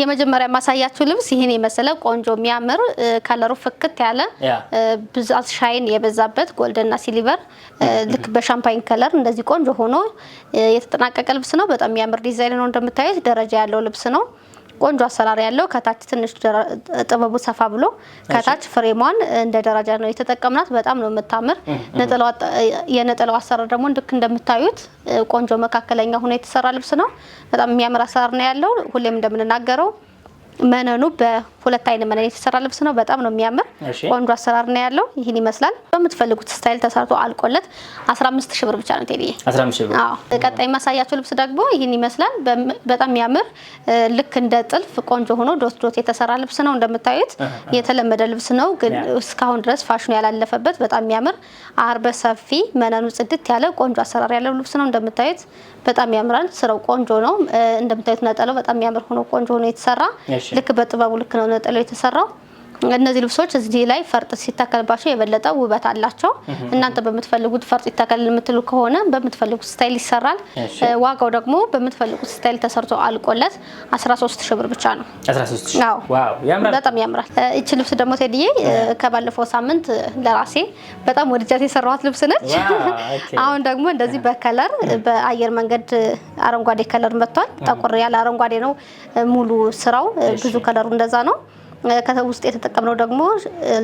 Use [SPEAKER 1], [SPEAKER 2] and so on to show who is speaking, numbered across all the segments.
[SPEAKER 1] የመጀመሪያ ማሳያችሁ ልብስ ይህን የመሰለ ቆንጆ የሚያምር ከለሩ ፍክት ያለ ብዛት ሻይን የበዛበት ጎልድና ሲሊቨር ልክ በሻምፓኝ ከለር እንደዚህ ቆንጆ ሆኖ የተጠናቀቀ ልብስ ነው። በጣም የሚያምር ዲዛይን ነው። እንደምታዩት ደረጃ ያለው ልብስ ነው። ቆንጆ አሰራር ያለው ከታች ትንሽ ጥበቡ ሰፋ ብሎ ከታች ፍሬሟን እንደ ደረጃ ነው የተጠቀምናት። በጣም ነው የምታምር። የነጠላው አሰራር ደግሞ ልክ እንደምታዩት ቆንጆ መካከለኛ ሆኖ የተሰራ ልብስ ነው። በጣም የሚያምር አሰራር ነው ያለው። ሁሌም እንደምንናገረው መነኑ በሁለት አይን መነን የተሰራ ልብስ ነው። በጣም ነው የሚያምር ቆንጆ አሰራር ነው ያለው። ይህን ይመስላል። በምትፈልጉት ስታይል ተሰርቶ አልቆለት 15 ሺህ ብር ብቻ ነው ቴዲ። ቀጣይ የማሳያቸው ልብስ ደግሞ ይህን ይመስላል። በጣም የሚያምር ልክ እንደ ጥልፍ ቆንጆ ሆኖ ዶት ዶት የተሰራ ልብስ ነው። እንደምታዩት የተለመደ ልብስ ነው፣ ግን እስካሁን ድረስ ፋሽኑ ያላለፈበት በጣም የሚያምር አርበ ሰፊ መነኑ ጽድት ያለ ቆንጆ አሰራር ያለው ልብስ ነው። እንደምታዩት በጣም ያምራል። ስራው ቆንጆ ነው። እንደምታዩት ነጠለው በጣም የሚያምር ሆኖ ቆንጆ ሆኖ የተሰራ ልክ በጥበቡ ልክ ነው ነጠላው የተሰራው እነዚህ ልብሶች እዚህ ላይ ፈርጥ ሲተከልባቸው የበለጠ ውበት አላቸው። እናንተ በምትፈልጉት ፈርጥ ይተከል የምትሉ ከሆነ በምትፈልጉት ስታይል ይሰራል። ዋጋው ደግሞ በምትፈልጉት ስታይል ተሰርቶ አልቆለት 13 ሺ ብር ብቻ ነው። በጣም ያምራል። እቺ ልብስ ደግሞ ቴዲዬ ከባለፈው ሳምንት ለራሴ በጣም ወድጃት የሰራኋት ልብስ ነች። አሁን ደግሞ እንደዚህ በከለር በአየር መንገድ አረንጓዴ ከለር መጥቷል። ጠቆር ያለ አረንጓዴ ነው ሙሉ ስራው። ብዙ ከለሩ እንደዛ ነው ከውስጥ የተጠቀምነው ደግሞ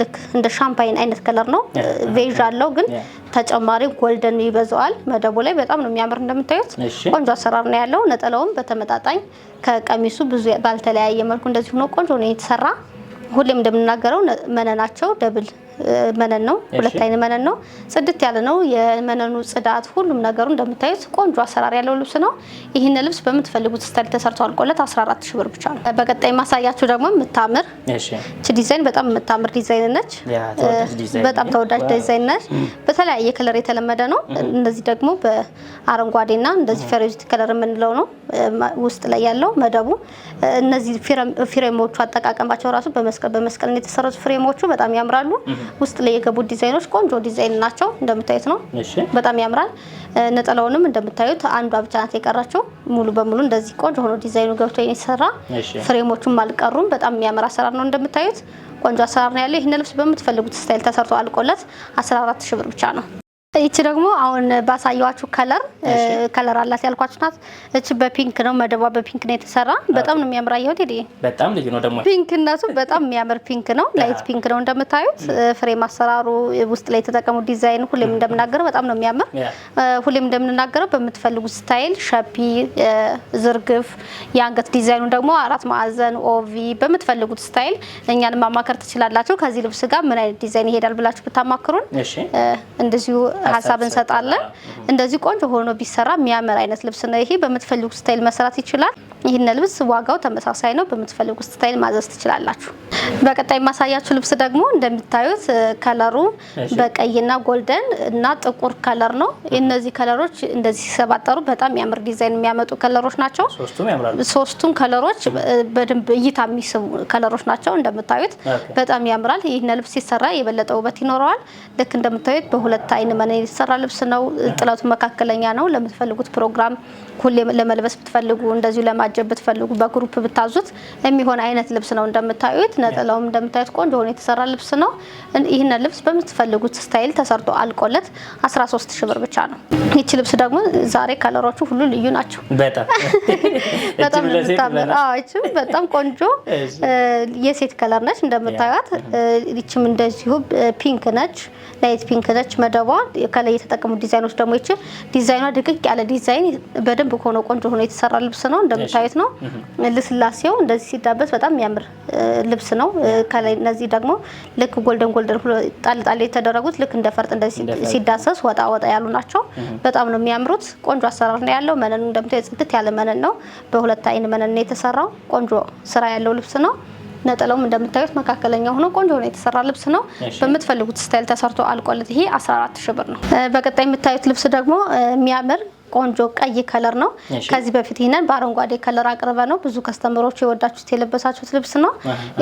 [SPEAKER 1] ልክ እንደ ሻምፓይን አይነት ከለር ነው። ቬዥ አለው ግን ተጨማሪ ጎልደን ይበዛዋል። መደቡ ላይ በጣም ነው የሚያምር እንደምታዩት ቆንጆ አሰራር ነው ያለው። ነጠላውም በተመጣጣኝ ከቀሚሱ ብዙ ባልተለያየ መልኩ እንደዚህ ሆኖ ቆንጆ ነው የተሰራ። ሁሌም እንደምናገረው መነናቸው ደብል መነን ነው። ሁለት አይን መነን ነው። ጽድት ያለ ነው የመነኑ ጽዳት፣ ሁሉም ነገሩ እንደምታዩት ቆንጆ አሰራር ያለው ልብስ ነው። ይህን ልብስ በምትፈልጉት ስታይል ተሰርቶ አልቆለት 14 ሺህ ብር ብቻ ነው። በቀጣይ ማሳያችሁ ደግሞ የምታምር እቺ ዲዛይን በጣም የምታምር ዲዛይን ነች። በጣም ተወዳጅ ዲዛይን ነች። በተለያየ ከለር የተለመደ ነው። እንደዚህ ደግሞ በአረንጓዴና እንደዚህ ፌሮዚት ከለር የምንለው ነው ውስጥ ላይ ያለው መደቡ። እነዚህ ፍሬሞቹ አጠቃቀማቸው ራሱ በመስቀል በመስቀል የተሰሩት ፍሬሞቹ በጣም ያምራሉ። ውስጥ ላይ የገቡት ዲዛይኖች ቆንጆ ዲዛይን ናቸው። እንደምታዩት ነው፣ በጣም ያምራል። ነጠላውንም እንደምታዩት አንዷ ብቻ ናት የቀራቸው። ሙሉ በሙሉ እንደዚህ ቆንጆ ሆኖ ዲዛይኑ ገብቶ የሚሰራ ፍሬሞቹም አልቀሩም። በጣም የሚያምር አሰራር ነው እንደምታዩት ቆንጆ አሰራር ነው ያለው። ይህን ልብስ በምትፈልጉት ስታይል ተሰርቶ አልቆለት 14000 ብር ብቻ ነው። ይቺ ደግሞ አሁን ባሳየዋችሁ ከለር ከለር አላት ያልኳችሁ ናት። እቺ በፒንክ ነው መደቧ በፒንክ ነው የተሰራ። በጣም ነው የሚያምር። አየሁት ይሄ
[SPEAKER 2] በጣም ልዩ ነው። ደግሞ
[SPEAKER 1] ፒንክነቱ በጣም የሚያምር ፒንክ ነው። ላይት ፒንክ ነው እንደምታዩት። ፍሬም አሰራሩ ውስጥ ላይ የተጠቀሙ ዲዛይን ሁሌም እንደምናገረው በጣም ነው የሚያምር። ሁሌም እንደምንናገረው በምትፈልጉት ስታይል ሸፒ፣ ዝርግፍ፣ የአንገት ዲዛይኑ ደግሞ አራት ማዕዘን ኦቪ፣ በምትፈልጉት ስታይል እኛን ማማከር ትችላላችሁ። ከዚህ ልብስ ጋር ምን አይነት ዲዛይን ይሄዳል ብላችሁ ብታማክሩን እንደዚሁ ሀሳብ እንሰጣለን። እንደዚህ ቆንጆ ሆኖ ቢሰራ የሚያምር አይነት ልብስ ነው ይሄ። በምትፈልጉ ስታይል መስራት ይችላል። ይህን ልብስ ዋጋው ተመሳሳይ ነው። በምትፈልጉ ስታይል ማዘዝ ትችላላችሁ። በቀጣይ የማሳያችሁ ልብስ ደግሞ እንደምታዩት ከለሩ በቀይና ጎልደን እና ጥቁር ከለር ነው። እነዚህ ከለሮች እንደዚህ ሲሰባጠሩ በጣም የሚያምር ዲዛይን የሚያመጡ ከለሮች ናቸው። ሶስቱም ከለሮች በደንብ እይታ የሚስቡ ከለሮች ናቸው። እንደምታዩት በጣም ያምራል። ይህን ልብስ ሲሰራ የበለጠ ውበት ይኖረዋል። ልክ እንደምታዩት በሁለት አይን የተሰራ ልብስ ነው። ጥለቱ መካከለኛ ነው። ለምትፈልጉት ፕሮግራም ሁሌ ለመልበስ ብትፈልጉ እንደዚሁ ለማጀብ ብትፈልጉ በግሩፕ ብታዙት የሚሆን አይነት ልብስ ነው። እንደምታዩት ነጠላውም እንደምታዩት ቆንጆ ሆኖ የተሰራ ልብስ ነው። ይህን ልብስ በምትፈልጉት ስታይል ተሰርቶ አልቆለት 13 ሺ ብር ብቻ ነው። ይቺ ልብስ ደግሞ ዛሬ ከለሮቹ ሁሉ ልዩ ናቸው። በጣም ቆንጆ የሴት ከለር ነች እንደምታዩት። ይችም እንደዚሁ ፒንክ ነች፣ ላይት ፒንክ ነች መደቧ። ከላይ የተጠቀሙ ዲዛይኖች ደግሞ ይች ዲዛይኗ ድቅቅ ያለ ዲዛይን በደንብ በደንብ ሆኖ ቆንጆ ሆኖ የተሰራ ልብስ ነው። እንደምታዩት ነው ልስላሴው። እንደዚህ ሲዳበስ በጣም የሚያምር ልብስ ነው። ከላይ እነዚህ ደግሞ ልክ ጎልደን ጎልደን ጣል ጣል የተደረጉት ልክ እንደ ፈርጥ እንደዚህ ሲዳሰስ ወጣ ወጣ ያሉ ናቸው። በጣም ነው የሚያምሩት። ቆንጆ አሰራር ነው ያለው። መነኑ እንደምታዩት ጽድት ያለ መነን ነው። በሁለት አይን መነን ነው የተሰራው። ቆንጆ ስራ ያለው ልብስ ነው። ነጠላውም እንደምታዩት መካከለኛ ሆኖ ቆንጆ ሆኖ የተሰራ ልብስ ነው። በምትፈልጉት ስታይል ተሰርቶ አልቆለት ይሄ 14 ሺህ ብር ነው። በቀጣይ የምታዩት ልብስ ደግሞ የሚያምር ቆንጆ ቀይ ከለር ነው። ከዚህ በፊት ይህንን በአረንጓዴ ከለር አቅርበ ነው ብዙ ከስተምሮች የወዳችሁት የለበሳችሁት ልብስ ነው።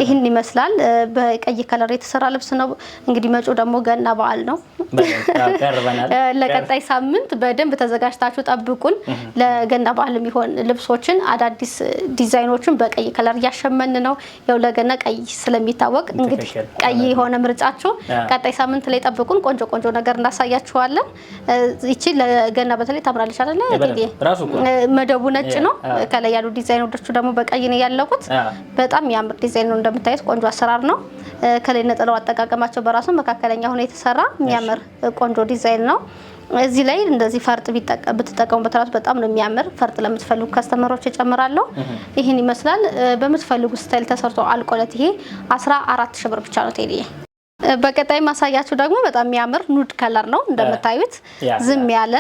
[SPEAKER 1] ይህን ይመስላል። በቀይ ከለር የተሰራ ልብስ ነው። እንግዲህ መጪው ደግሞ ገና በዓል ነው። ለቀጣይ ሳምንት በደንብ ተዘጋጅታችሁ ጠብቁን። ለገና በዓል የሚሆን ልብሶችን አዳዲስ ዲዛይኖችን በቀይ ከለር እያሸመን ነው። ያው ለገና ቀይ ስለሚታወቅ እንግዲህ ቀይ የሆነ ምርጫችሁ ቀጣይ ሳምንት ላይ ጠብቁን። ቆንጆ ቆንጆ ነገር እናሳያችኋለን። ይቺ ለገና በተለይ ታምራለች። ብለሽ አይደለ? መደቡ ነጭ ነው። ከላይ ያሉ ዲዛይኖቹ ደግሞ በቀይ ነው ያለቁት። በጣም የሚያምር ዲዛይን ነው። እንደምታዩት ቆንጆ አሰራር ነው። ከላይ ነጠለው አጠቃቀማቸው በራሱ መካከለኛ ሆኖ የተሰራ የሚያምር ቆንጆ ዲዛይን ነው። እዚህ ላይ እንደዚህ ፈርጥ ብትጠቀሙ በተራሱ በጣም ነው የሚያምር። ፈርጥ ለምትፈልጉ ከስተመሮች እጨምራለሁ። ይህን ይመስላል። በምትፈልጉ ስታይል ተሰርቶ አልቆለት ይሄ 14 ሺህ ብር ብቻ ነው ቴዲዬ በቀጣይ ማሳያችሁ ደግሞ በጣም የሚያምር ኑድ ከለር ነው። እንደምታዩት ዝም ያለ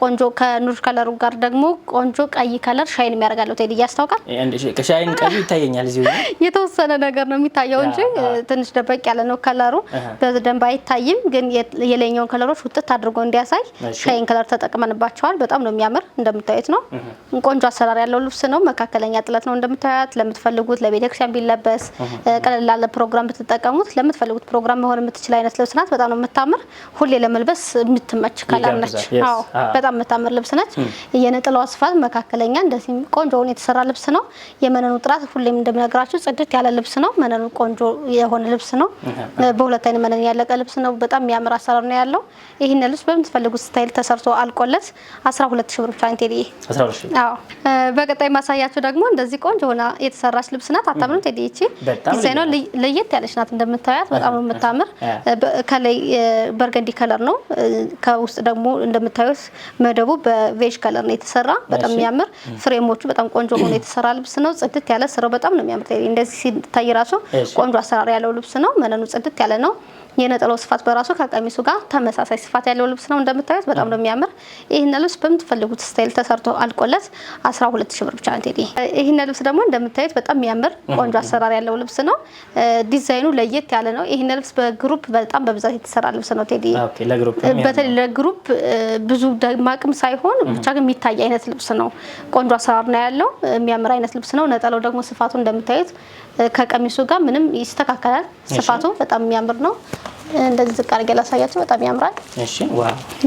[SPEAKER 1] ቆንጆ ከኑድ ከለሩ ጋር ደግሞ ቆንጆ ቀይ ከለር ሻይን የሚያደርጋለሁ። ቴዲ ያስታውቃል።
[SPEAKER 2] ሻይን ቀዩ ይታየኛል። እዚሁ
[SPEAKER 1] የተወሰነ ነገር ነው የሚታየው እንጂ ትንሽ ደበቅ ያለ ነው ከለሩ በደንብ አይታይም። ግን የላይኛውን ከለሮች ውጥት አድርጎ እንዲያሳይ ሻይን ከለር ተጠቅመንባቸዋል። በጣም ነው የሚያምር። እንደምታዩት ነው ቆንጆ አሰራር ያለው ልብስ ነው። መካከለኛ ጥለት ነው እንደምታዩት። ለምትፈልጉት ለቤተክርስቲያን ቢለበስ ቀለል ላለ ፕሮግራም ብትጠቀሙት ለምትፈ በምትፈልጉት ፕሮግራም መሆን የምትችል አይነት ልብስ ናት። በጣም ነው የምታምር። ሁሌ ለመልበስ የምትመች ከለር ነች። አዎ በጣም የምታምር ልብስ ነች። የነጠላዋ ስፋት መካከለኛ፣ እንደዚህም ቆንጆ ሆኖ የተሰራ ልብስ ነው። የመነኑ ጥራት ሁሌም እንደምነግራችሁ ጽድት ያለ ልብስ ነው። መነኑ ቆንጆ የሆነ ልብስ ነው። በሁለት አይነት መነን ያለቀ ልብስ ነው። በጣም የሚያምር አሰራር ነው ያለው። ይህን ልብስ በምትፈልጉት ስታይል ተሰርቶ አልቆለት 12 ሺህ ብር ብቻ አንቴ። አዎ በቀጣይ ማሳያችሁ ደግሞ እንደዚህ ቆንጆ ሆና የተሰራች ልብስ ናት። አታምንም ቴዲይቺ ዲዛይኗ ለየት ያለች ናት እንደምታያት በጣም የምታምር ከላይ በርገንዲ ከለር ነው። ከውስጥ ደግሞ እንደምታዩት መደቡ በቬጅ ከለር ነው የተሰራ በጣም የሚያምር ፍሬሞቹ በጣም ቆንጆ ሆኖ የተሰራ ልብስ ነው። ጽድት ያለ ስራው በጣም ነው የሚያምር። እንደዚህ ሲታይ ራሱ ቆንጆ አሰራር ያለው ልብስ ነው። መነኑ ጽድት ያለ ነው። የነጠላው ስፋት በራሱ ከቀሚሱ ጋር ተመሳሳይ ስፋት ያለው ልብስ ነው። እንደምታዩት በጣም ነው የሚያምር። ይህን ልብስ በምትፈልጉት ስታይል ተሰርቶ አልቆለት 12 ሺህ ብር ብቻ ነው። ቴዲ ይህን ልብስ ደግሞ እንደምታዩት በጣም የሚያምር ቆንጆ አሰራር ያለው ልብስ ነው። ዲዛይኑ ለየት ያለ ነው። ይህን ልብስ በግሩፕ በጣም በብዛት የተሰራ ልብስ ነው። ቴዲ በተለይ ለግሩፕ ብዙ ደማቅም ሳይሆን ብቻ ግን የሚታይ አይነት ልብስ ነው። ቆንጆ አሰራር ነው ያለው። የሚያምር አይነት ልብስ ነው። ነጠላው ደግሞ ስፋቱ እንደምታዩት ከቀሚሱ ጋር ምንም ይስተካከላል። ስፋቱ በጣም የሚያምር ነው። እንደዚህ ዝቅ አድርጌ ላሳያችሁ። በጣም ያምራል።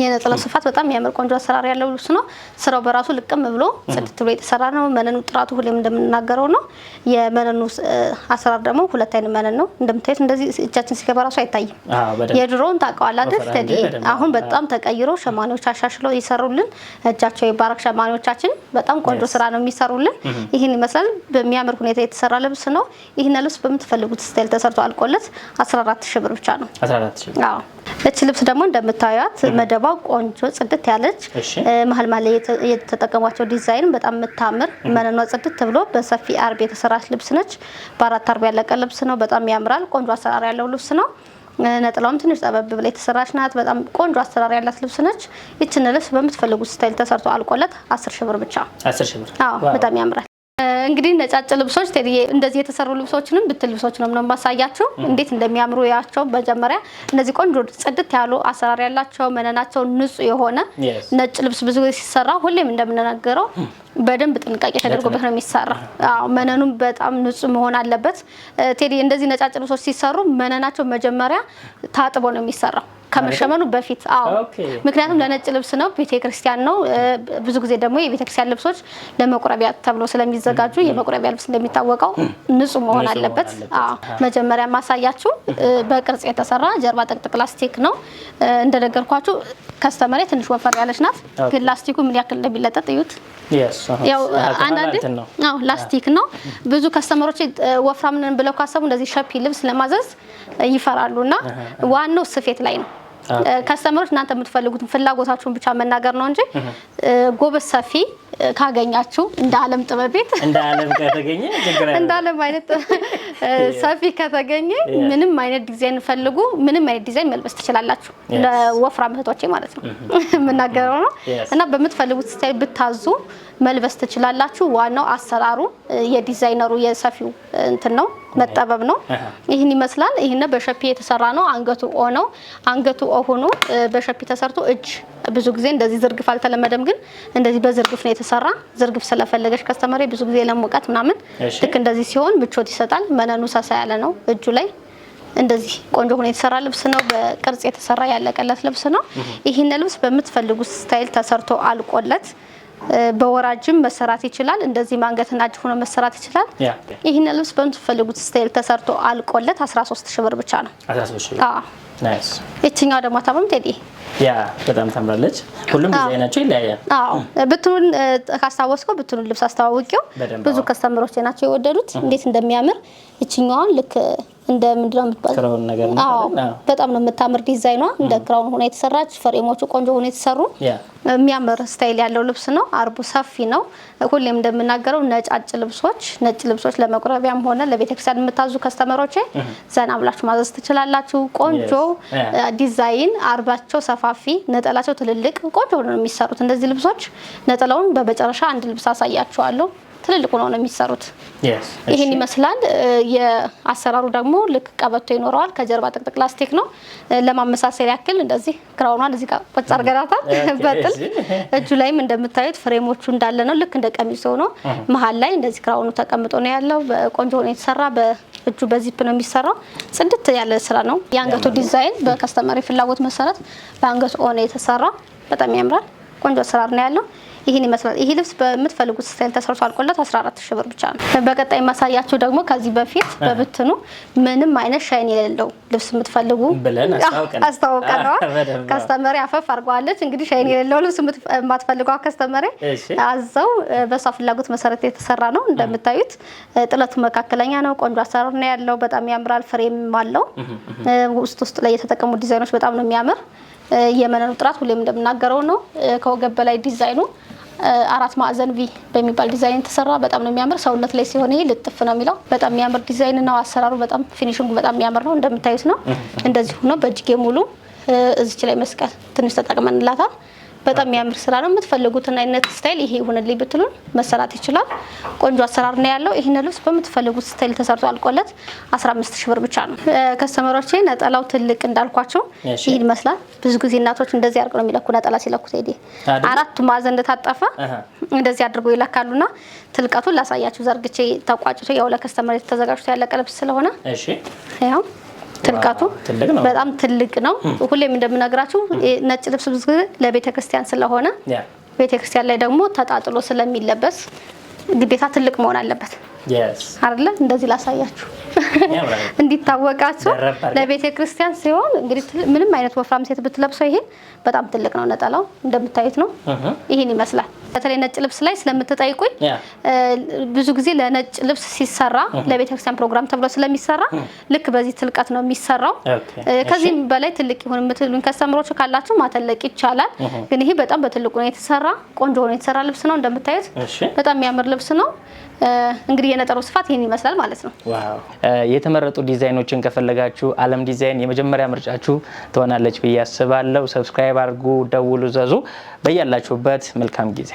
[SPEAKER 1] የነጠላው ስፋት በጣም የሚያምር ቆንጆ አሰራር ያለው ልብስ ነው። ስራው በራሱ ልቅም ብሎ ጽድት ብሎ የተሰራ ነው። መነኑ ጥራቱ ሁሌም እንደምንናገረው ነው። የመነኑ አሰራር ደግሞ ሁለት አይነት መነን ነው። እንደምታዩት እንደዚህ እጃችን ሲገባ ራሱ አይታይም። የድሮውን ታውቀዋለህ አይደል? አሁን በጣም ተቀይሮ ሸማኔዎች አሻሽለው ይሰሩልን። እጃቸው የባረክ ሸማኔዎቻችን በጣም ቆንጆ ስራ ነው የሚሰሩልን። ይህን ይመስላል። በሚያምር ሁኔታ የተሰራ ልብስ ነው። ይህን ልብስ በምትፈልጉት ስታይል ተሰርቶ አልቆለት 14 ሺህ ብር ብቻ ነው። እች ልብስ ደግሞ እንደምታዩት መደባው ቆንጆ ጽድት ያለች መሀል መሀል የተጠቀሟቸው ዲዛይን በጣም የምታምር መነኗ ጽድት ብሎ በሰፊ አርብ የተሰራች ልብስ ነች። በአራት አርብ ያለቀ ልብስ ነው። በጣም ያምራል። ቆንጆ አሰራር ያለው ልብስ ነው። ነጥላውም ትንሽ ጠበብ ብላ የተሰራች ናት። በጣም ቆንጆ አሰራር ያላት ልብስ ነች። ይችን ልብስ በምትፈልጉት ስታይል ተሰርቶ አልቆለት አስር ሺህ ብር ብቻ። አዎ በጣም ያምራል። እንግዲህ ነጫጭ ልብሶች ቴዲዬ እንደዚህ የተሰሩ ልብሶችንም ብትል ልብሶችንም ነው ማሳያችሁ እንዴት እንደሚያምሩ ያቸው። መጀመሪያ እነዚህ ቆንጆ ጽድት ያሉ አሰራር ያላቸው መነናቸው ንጹህ የሆነ ነጭ ልብስ ብዙ ሲሰራ ሁሌም እንደምንነገረው በደንብ ጥንቃቄ ተደርጎበት ነው የሚሰራ። አዎ መነኑም በጣም ንጹህ መሆን አለበት። ቴዲ እንደዚህ ነጫጭ ልብሶች ሲሰሩ መነናቸው መጀመሪያ ታጥቦ ነው የሚሰራው ከመሸመኑ በፊት አዎ። ምክንያቱም ለነጭ ልብስ ነው፣ ቤተክርስቲያን ነው። ብዙ ጊዜ ደግሞ የቤተክርስቲያን ልብሶች ለመቁረቢያ ተብሎ ስለሚዘጋጁ የመቁረቢያ ልብስ እንደሚታወቀው ንጹህ መሆን አለበት። አዎ መጀመሪያ ማሳያችሁ በቅርጽ የተሰራ ጀርባ ጠቅጥቅ ላስቲክ ነው። እንደነገርኳችሁ ከስተመሬ ትንሽ ወፈር ያለች ናት፣ ግን ላስቲኩ ምን ያክል እንደሚለጠጥ እዩት። ያው አንዳንዴ አዎ ላስቲክ ነው። ብዙ ከስተመሮች ወፍራም ነን ብለው ካሰቡ እንደዚህ ሸፒ ልብስ ለማዘዝ ይፈራሉ እና ዋናው ስፌት ላይ ነው። ከስተመሮች እናንተ የምትፈልጉትን ፍላጎታችሁን ብቻ መናገር ነው እንጂ ጎበዝ ሰፊ ካገኛችሁ እንደ አለም ጥበብ ቤት
[SPEAKER 2] እንደ አለም ከተገኘ
[SPEAKER 1] አይነት ሰፊ ከተገኘ ምንም አይነት ዲዛይን ፈልጉ፣ ምንም አይነት ዲዛይን መልበስ ትችላላችሁ። ለወፍራም እህቶቼ ማለት ነው mm-hmm. የምናገረው ነው እና በምትፈልጉት ስታይል ብታዙ መልበስ ትችላላችሁ። ዋናው አሰራሩ የዲዛይነሩ የሰፊው እንትን ነው መጠበብ ነው። ይህን ይመስላል። ይህን በሸፒ የተሰራ ነው። አንገቱ ኦ ነው። አንገቱ ኦ ሆኖ በሸፒ ተሰርቶ እጅ ብዙ ጊዜ እንደዚህ ዝርግፍ አልተለመደም፣ ግን እንደዚህ በዝርግፍ ነው የተሰራ። ዝርግፍ ስለፈለገች ከስተመሪ ብዙ ጊዜ ለሙቀት ምናምን ልክ እንደዚህ ሲሆን ምቾት ይሰጣል። መነኑ ሳሳ ያለ ነው እጁ ላይ እንደዚህ ቆንጆ ሆኖ የተሰራ ልብስ ነው። በቅርጽ የተሰራ ያለቀለት ልብስ ነው። ይህን ልብስ በምትፈልጉት ስታይል ተሰርቶ አልቆለት በወራጅም መሰራት ይችላል። እንደዚህ ማንገትና እጅ ሆኖ መሰራት ይችላል። ይህን ልብስ በምትፈልጉት ስታይል ተሰርቶ አልቆለት 13 ሺህ ብር ብቻ ነው። የትኛው ደግሞ ታምም ቴዲ
[SPEAKER 2] ያ በጣም ታምራለች። ሁሉም ዲዛይናቸው ይለያያል።
[SPEAKER 1] አዎ ብትኑን ካስታወስከው ብትኑን ልብስ አስተዋውቂው ብዙ ከስተምሮች ናቸው የወደዱት እንዴት እንደሚያምር ይችኛዋን ልክ እንደ ምንድነው
[SPEAKER 2] የምትባል ነገር
[SPEAKER 1] በጣም ነው የምታምር ዲዛይኗ እንደ ክራውን ሆና የተሰራች ፍሬሞቹ ቆንጆ ሆነ የተሰሩ የሚያምር ስታይል ያለው ልብስ ነው። አርቡ ሰፊ ነው። ሁሌም እንደምናገረው ነጫጭ ልብሶች ነጭ ልብሶች ለመቁረቢያም ሆነ ለቤተክርስቲያን የምታዙ ከስተመሮቼ ዘና ብላችሁ ማዘዝ ትችላላችሁ። ቆንጆ ዲዛይን አርባቸው ሰፋ ሰፋፊ ነጠላቸው ትልልቅ ቆንጆ ነው የሚሰሩት እነዚህ ልብሶች። ነጠላውን በመጨረሻ አንድ ልብስ አሳያችኋለሁ። ትልልቁ ነው የሚሰሩት። ይህን ይመስላል። የአሰራሩ ደግሞ ልክ ቀበቶ ይኖረዋል። ከጀርባ ጥቅጥቅ ላስቲክ ነው። ለማመሳሰል ያክል እንደዚህ ክራውኗን እዚህ ጋር ቆጭ በጥል። እጁ ላይም እንደምታዩት ፍሬሞቹ እንዳለ ነው። ልክ እንደ ቀሚሶ ሆኖ uh-huh. መሀል ላይ እንደዚህ ክራውኑ ተቀምጦ ነው ያለው። በቆንጆ ሆኖ የተሰራ በእጁ በዚፕ ነው የሚሰራው። ጽድት ያለ ስራ ነው። የአንገቱ ዲዛይን በከስተመሪ ፍላጎት መሰረት በአንገቱ ሆነ የተሰራ በጣም ያምራል። ቆንጆ አሰራር ነው ያለው። ይህን ይመስላል። ይሄ ልብስ በምትፈልጉት ስታይል ተሰርቶ አልቆለት 14 ሺህ ብር ብቻ ነው። በቀጣይ ማሳያቸው ደግሞ ከዚህ በፊት በብትኑ ምንም አይነት ሻይን የሌለው ልብስ የምትፈልጉ አስታውቀነዋል። ከስተመሪ አፈፍ አድርገዋለች። እንግዲህ ሻይን የሌለው ልብስ የማትፈልገው ከስተመሪ አዘው በእሷ ፍላጎት መሰረት የተሰራ ነው። እንደምታዩት ጥለቱ መካከለኛ ነው። ቆንጆ አሰራር ነው ያለው። በጣም ያምራል። ፍሬም አለው። ውስጥ ውስጥ ላይ የተጠቀሙ ዲዛይኖች በጣም ነው የሚያምር የመነኑ ጥራት ሁሌም እንደምናገረው ነው። ከወገብ በላይ ዲዛይኑ አራት ማዕዘን ቪ በሚባል ዲዛይን የተሰራ በጣም ነው የሚያምር። ሰውነት ላይ ሲሆን ይሄ ልጥፍ ነው የሚለው በጣም የሚያምር ዲዛይን ነው። አሰራሩ በጣም ፊኒሽንጉ በጣም የሚያምር ነው። እንደምታዩት ነው። እንደዚህ ሆኖ በእጅጌ ሙሉ እዚች ላይ መስቀል ትንሽ ተጠቅመንላታል። በጣም የሚያምር ስራ ነው። የምትፈልጉትን አይነት ስታይል ይሄ ይሁንልኝ ብትሉን መሰራት ይችላል። ቆንጆ አሰራር ነው ያለው። ይህን ልብስ በምትፈልጉት ስታይል ተሰርቶ አልቆለት 15 ሺ ብር ብቻ ነው። ከስተመሮች ነጠላው ትልቅ እንዳልኳቸው ይህን ይመስላል። ብዙ ጊዜ እናቶች እንደዚህ አድርገው ነው የሚለኩ ነጠላ ሲለኩ ቴዲ አራቱ ማዕዘን እንደታጠፈ እንደዚህ አድርገው ይለካሉና ትልቀቱን ላሳያችሁ ዘርግቼ ተቋጭቶ ያው ለከስተመር ተዘጋጅቶ ያለቀ ልብስ ስለሆነ ትልቃቱ በጣም ትልቅ ነው። ሁሌም እንደምነግራችሁ ነጭ ልብስ ብዙ ጊዜ ለቤተ ክርስቲያን ስለሆነ ቤተ ክርስቲያን ላይ ደግሞ ተጣጥሎ ስለሚለበስ ግዴታ ትልቅ መሆን አለበት አይደለ? እንደዚህ ላሳያችሁ እንዲታወቃችሁ። ለቤተ ክርስቲያን ሲሆን እንግዲህ ምንም አይነት ወፍራም ሴት ብትለብሰው ይሄ በጣም ትልቅ ነው። ነጠላው እንደምታዩት ነው። ይህን ይመስላል። በተለይ ነጭ ልብስ ላይ ስለምትጠይቁኝ ብዙ ጊዜ ለነጭ ልብስ ሲሰራ ለቤተክርስቲያን ፕሮግራም ተብሎ ስለሚሰራ ልክ በዚህ ትልቀት ነው የሚሰራው። ከዚህም በላይ ትልቅ ይሁን የምትሉኝ ከስተምሮች ካላችሁ ማተለቅ ይቻላል። ግን ይሄ በጣም በትልቁ ነው የተሰራ ቆንጆ ሆኖ የተሰራ ልብስ ነው። እንደምታዩት በጣም የሚያምር ልብስ ነው። እንግዲህ የነጠሩ ስፋት ይህን ይመስላል ማለት ነው።
[SPEAKER 2] የተመረጡ ዲዛይኖችን ከፈለጋችሁ አለም ዲዛይን የመጀመሪያ ምርጫችሁ ትሆናለች ብዬ አስባለሁ። ሰብስክራይብ አድርጉ፣ ደውሉ፣ ዘዙ። በያላችሁበት መልካም ጊዜ